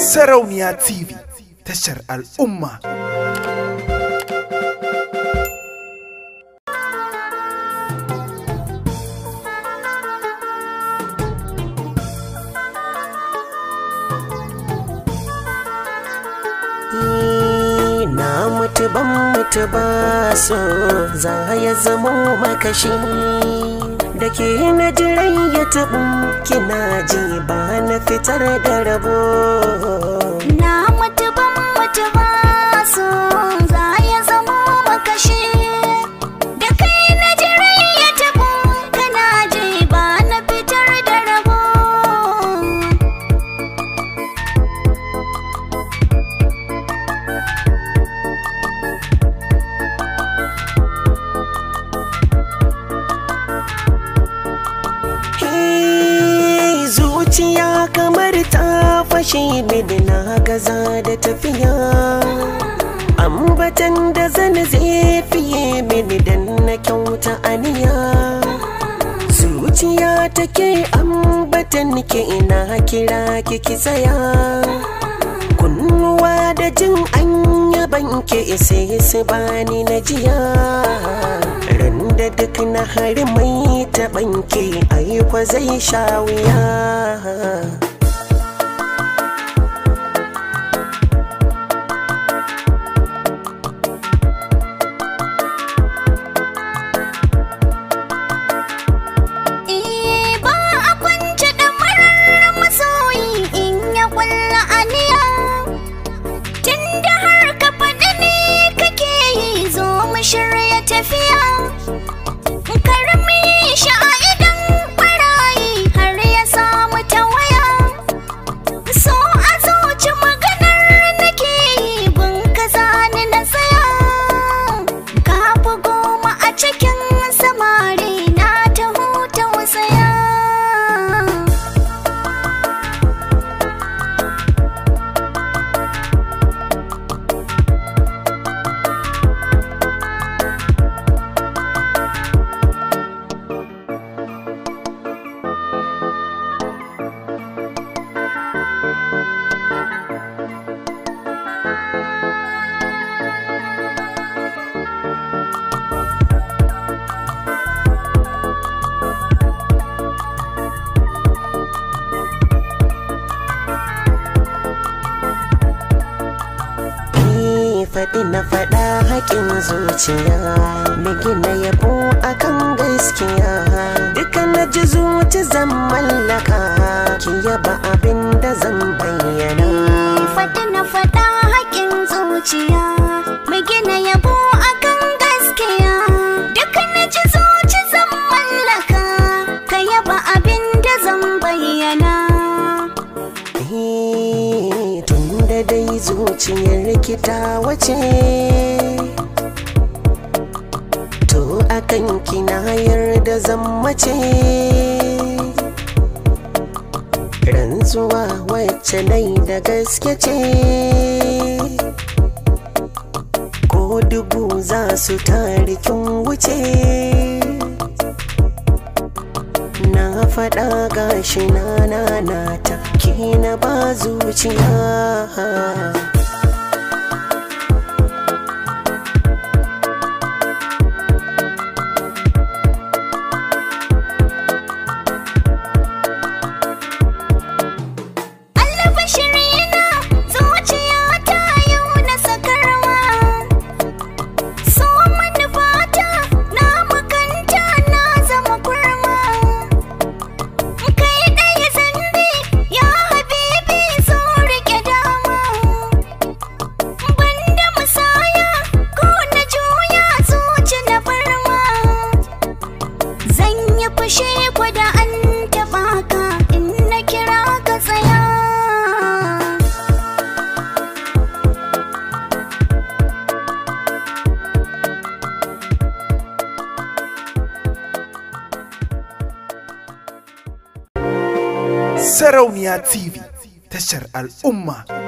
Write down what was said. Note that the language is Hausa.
Sarauniya TV tashar al'umma. Na ban mutu ba so, za ya zama makashi. da ke na jiran ya taɓa kina ji ba na fitar da rabo na bashi na gaza da tafiya ambatan da zane zai fiye mini dan na kyauta aniya zuciya take ambatan ke ina kira kiki tsaya kunnuwa da jin anya banke isa isi bani na jiya Randa duk na hari mai taɓanke aiko zai sha wuya faɗi na faɗa haƙin zuciya mu gina yabo akan gaskiya duka na ji zuci zan mallaka ki yaba abin da zan bayyana faɗi na faɗa haƙin zuciya zuciyar rikita wace to akan na yarda zan mace rantsuwa wacce nai da gaske ce ko dubu za su tarikin wuce na faɗa gashi na na ta kina ba zuciya yi fushi gwada an taɓa ka in na kira ka tsaya Sarauniya TV tashar al'umma